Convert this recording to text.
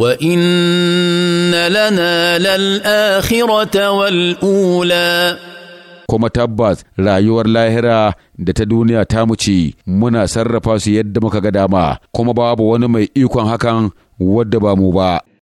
وإن لنا للآخرة والأولى kuma tabbas rayuwar lahira da ta duniya ta muci muna sarrafa su yadda muka ga dama kuma babu wani mai ikon hakan wadda ba mu ba